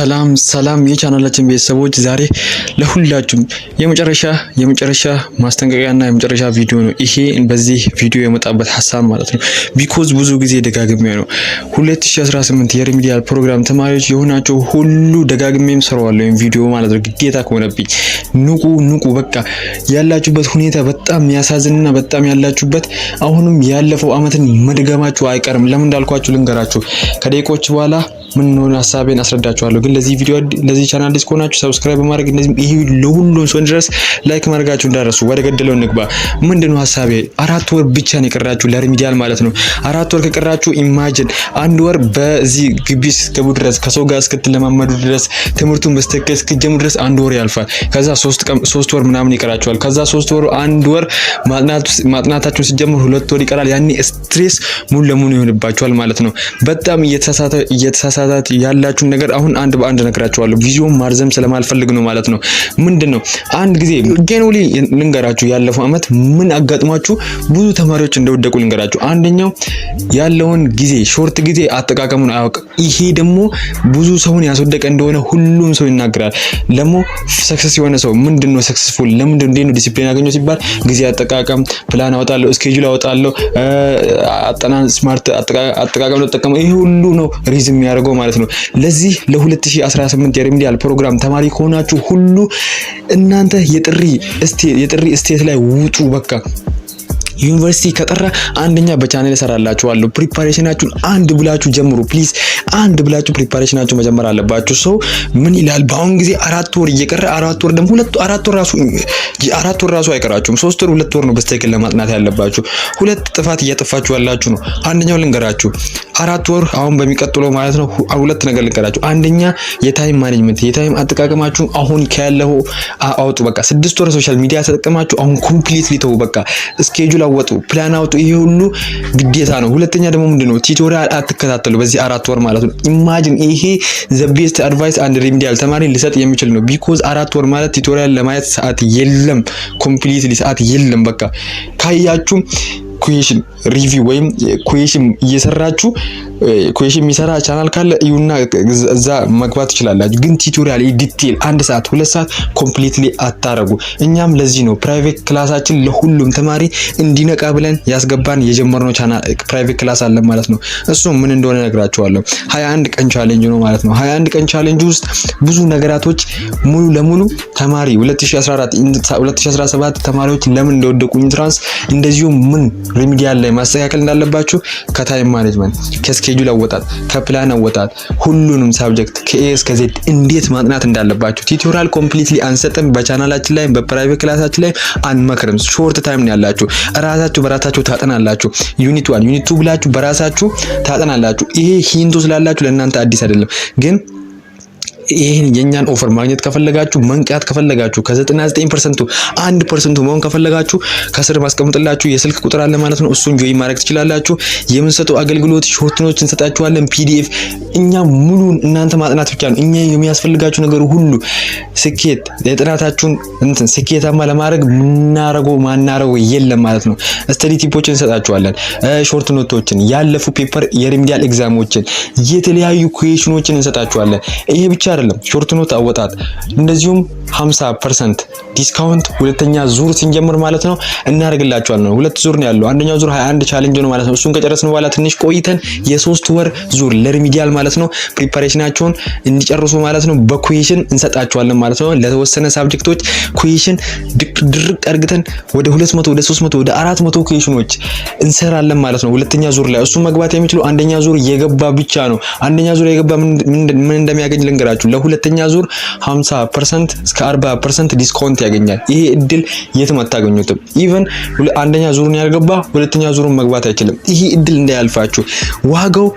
ሰላም ሰላም የቻናላችን ቤተሰቦች ዛሬ ለሁላችሁም የመጨረሻ የመጨረሻ ማስጠንቀቂያና የመጨረሻ ቪዲዮ ነው። ይሄ በዚህ ቪዲዮ የመጣበት ሀሳብ ማለት ነው። ቢኮዝ ብዙ ጊዜ ደጋግሜ ነው 2018 የሪሚዲያል ፕሮግራም ተማሪዎች የሆናቸው ሁሉ ደጋግሜም ሰረዋለ ወይም ቪዲዮ ማለት ነው። ግዴታ ከሆነብኝ ንቁ ንቁ፣ በቃ ያላችሁበት ሁኔታ በጣም ያሳዝንና በጣም ያላችሁበት አሁንም ያለፈው አመትን መድገማችሁ አይቀርም። ለምን እንዳልኳችሁ ልንገራችሁ ከደቂቆች በኋላ ምን ሆነ ሀሳቤን አስረዳችኋለሁ። ግን ለዚህ ቪዲዮ ለዚህ ቻናል አዲስ ከሆናችሁ ሰብስክራይብ በማድረግ እንደዚህ ይሄ ለሁሉም ሰው ድረስ ላይክ ማድረጋችሁ እንዳረሱ። ወደ ገደለው እንግባ። ምንድነው ሀሳቤ? አራት ወር ብቻ ነው የቀራችሁ ለሪሚዲያል ማለት ነው። አራት ወር ከቀራችሁ ኢማጅን አንድ ወር በዚህ ግቢ እስክትገቡ ድረስ ከሰው ጋር እስክትለማመዱ ድረስ ትምህርቱን በስተክል እስክትጀምሩ ድረስ አንድ ወር ያልፋል። ከዛ ሶስት ወር ምናምን ይቀራችኋል። ከዛ ሶስት ወር አንድ ወር ማጥናታችሁን ሲጀምር ሁለት ወር ይቀራል። ያኔ ስትሬስ ሙሉ ለሙሉ ይሆንባችኋል ማለት ነው። በጣም እየተሳሳተ እየተሳሳተ ሰዓታት ያላችሁን ነገር አሁን አንድ በአንድ ነግራችኋለሁ። ቪዲዮውን ማርዘም ስለማልፈልግ ነው ማለት ነው። ምንድን ነው አንድ ጊዜ ጌኖሊ ልንገራችሁ፣ ያለፈው አመት ምን አጋጥሟችሁ ብዙ ተማሪዎች እንደወደቁ ልንገራችሁ። አንደኛው ያለውን ጊዜ ሾርት ጊዜ አጠቃቀሙን አያውቅም። ይሄ ደግሞ ብዙ ሰውን ያስወደቀ እንደሆነ ሁሉም ሰው ይናገራል። ደግሞ ሰክሰስ የሆነ ሰው ምንድን ነው ሰክሰስፉል ለምንድን እንዴት ነው ዲሲፕሊን ያገኘው ሲባል ጊዜ አጠቃቀም ፕላን አወጣለሁ፣ እስኬጁል አወጣለሁ፣ አጠናን ስማርት አጠቃቀም ነው ተጠቀመው። ይሄ ሁሉ ነው ሪዝም ያደርገው የሚያደርገው ማለት ነው። ለዚህ ለ2018 የሪሚዲያል ፕሮግራም ተማሪ ከሆናችሁ ሁሉ እናንተ የጥሪ እስቴት ስቴት ላይ ውጡ በቃ ዩኒቨርሲቲ ከጠራ አንደኛ በቻኔል እሰራላችኋለሁ። ፕሪፓሬሽናችሁን አንድ ብላችሁ ጀምሩ ፕሊዝ። አንድ ብላችሁ ፕሪፓሬሽናችሁ መጀመር አለባችሁ። ሰው ምን ይላል? በአሁን ጊዜ አራት ወር እየቀረ አራት ወር ደግሞ ሁለት አራት ወር ራሱ አራት ወር ራሱ አይቀራችሁም። ሶስት ወር ሁለት ወር ነው በስተክል ለማጥናት ያለባችሁ። ሁለት ጥፋት እያጠፋችሁ ያላችሁ ነው። አንደኛው ልንገራችሁ አራት ወር አሁን በሚቀጥለው ማለት ነው ሁለት ነገር ልንቀራችሁ። አንደኛ የታይም ማኔጅመንት የታይም አጠቃቀማችሁ አሁን ከያለው አውጡ። በቃ ስድስት ወር ሶሻል ሚዲያ ተጠቀማችሁ አሁን ኮምፕሊት ሊተው በቃ ስኬጁል አወጡ፣ ፕላን አውጡ። ይሄ ሁሉ ግዴታ ነው። ሁለተኛ ደግሞ ነው ቲቶሪያል አትከታተሉ በዚህ አራት ወር ማለት ነው። ኢማጂን ይሄ ዘ ቤስት አድቫይስ አንድ ሪሚዲያል ተማሪ ሊሰጥ የሚችል ነው። ቢኮዝ አራት ወር ማለት ቲቶሪያል ለማየት ሰዓት የለም፣ ኮምፕሊት ሰዓት የለም። በቃ ካያችሁም ኩዌሽን ሪቪው ወይም ኩዌሽን እየሰራችሁ ኩዌሽን የሚሰራ ቻናል ካለ እዩና እዛ መግባት ትችላላችሁ። ግን ቲዩቶሪያል ዲቴል አንድ ሰዓት ሁለት ሰዓት ኮምፕሊትሊ አታረጉ። እኛም ለዚህ ነው ፕራይቬት ክላሳችን ለሁሉም ተማሪ እንዲነቃ ብለን ያስገባን የጀመርነው ቻናል ፕራይቬት ክላስ አለን ማለት ነው። እሱም ምን እንደሆነ ነግራችኋለሁ። 21 ቀን ቻሌንጅ ነው ማለት ነው። 21 ቀን ቻሌንጅ ውስጥ ብዙ ነገራቶች ሙሉ ለሙሉ ተማሪ 2014 2017 ተማሪዎች ለምን እንደወደቁ ኢንትራንስ እንደዚሁም ምን ሪሚዲያል ላይ ማስተካከል እንዳለባችሁ ከታይም ማኔጅመንት፣ ከስኬጁል አወጣት፣ ከፕላን አወጣት፣ ሁሉንም ሳብጀክት ከኤ እስከ ዜድ እንዴት ማጥናት እንዳለባችሁ ቲዩቶሪያል ኮምፕሊትሊ አንሰጥም። በቻናላችን ላይ በፕራይቬት ክላሳችን ላይ አንመክርም። ሾርት ታይም ነው ያላችሁ። ራሳችሁ በራሳችሁ ታጠናላችሁ። ዩኒት ዋን ዩኒት ቱ ብላችሁ በራሳችሁ ታጠናላችሁ። ይሄ ሂንቱ ስላላችሁ ለእናንተ አዲስ አይደለም ግን ይህን የእኛን ኦፈር ማግኘት ከፈለጋችሁ መንቅያት ከፈለጋችሁ ከ99 ፐርሰንቱ አንድ ፐርሰንቱ መሆን ከፈለጋችሁ ከስር ማስቀምጥላችሁ የስልክ ቁጥር አለ ማለት ነው። እሱን ጆይ ማድረግ ትችላላችሁ። የምንሰጠው አገልግሎት ሾርትኖች እንሰጣችኋለን። ፒዲኤፍ እኛ ሙሉን እናንተ ማጥናት ብቻ ነው እኛ የሚያስፈልጋችሁ ነገር ሁሉ ስኬት የጥናታችሁን እንትን ስኬታማ ለማድረግ ምናረገው ማናረገው የለም ማለት ነው። ስተዲ ቲፖችን እንሰጣችኋለን፣ ሾርት ኖቶችን፣ ያለፉ ፔፐር የሪሚዲያል ኤግዛሞችን፣ የተለያዩ ኩዌሽኖችን እንሰጣችኋለን። ይሄ ብቻ አይደለም፣ ሾርት ኖት አወጣት እንደዚሁም 50 ፐርሰንት ዲስካውንት ሁለተኛ ዙር ስንጀምር ማለት ነው እናደርግላችኋል ነው። ሁለት ዙር ነው ያለው። አንደኛው ዙር 21 ቻሌንጅ ነው ማለት ነው። እሱን ከጨረስን በኋላ ትንሽ ቆይተን የሶስት ወር ዙር ለሪሚዲያል ማለት ነው ፕሪፓሬሽናቸውን እንዲጨርሱ ማለት ነው በኩዌሽን እንሰጣቸዋለን ማለት ነው። ለተወሰነ ሳብጀክቶች ኩዌሽን ድርቅ አርግተን ወደ 200 ወደ 300 ወደ 400 ኩዌሽኖች እንሰራለን ማለት ነው። ሁለተኛ ዙር ላይ እሱ መግባት የሚችሉ አንደኛ ዙር የገባ ብቻ ነው። አንደኛ ዙር የገባ ምን እንደሚያገኝ ልንገራችሁ። ለሁለተኛ ዙር 50% እስከ 40% ዲስካውንት ያገኛል። ይሄ እድል የትም አታገኙትም። ኢቨን አንደኛ ዙሩን ያልገባ ሁለተኛ ዙሩን መግባት አይችልም። ይሄ እድል እንዳያልፋችሁ ዋጋው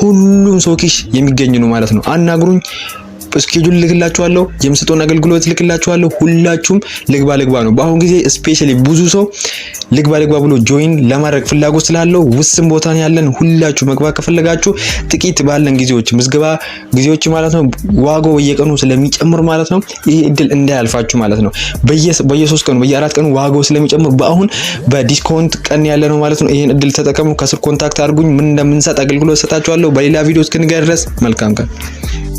ሁሉም ሰው ኪሽ የሚገኝ ነው ማለት ነው። አናግሩኝ። ስኬጁል ልክላችኋለሁ፣ የምሰጠውን አገልግሎት ልክላችኋለሁ። ሁላችሁም ልግባ ልግባ ነው። በአሁን ጊዜ ስፔሻሊ ብዙ ሰው ልግባ ልግባ ብሎ ጆይን ለማድረግ ፍላጎት ስላለው ውስን ቦታ ያለን ሁላችሁ መግባት ከፈለጋችሁ ጥቂት ባለን ጊዜዎች ምዝገባ ጊዜዎች ማለት ነው ዋጋው በየቀኑ ስለሚጨምር ማለት ነው ይህ እድል እንዳያልፋችሁ ማለት ነው። በየሶስት ቀኑ በየአራት ቀኑ ዋጋው ስለሚጨምር በአሁን በዲስኮንት ቀን ያለ ነው ማለት ነው። ይህን እድል ተጠቀሙ። ከስር ኮንታክት አድርጉኝ። ምን እንደምንሰጥ አገልግሎት ሰጣችኋለሁ። በሌላ ቪዲዮ እስክንገናኝ ድረስ መልካም ቀን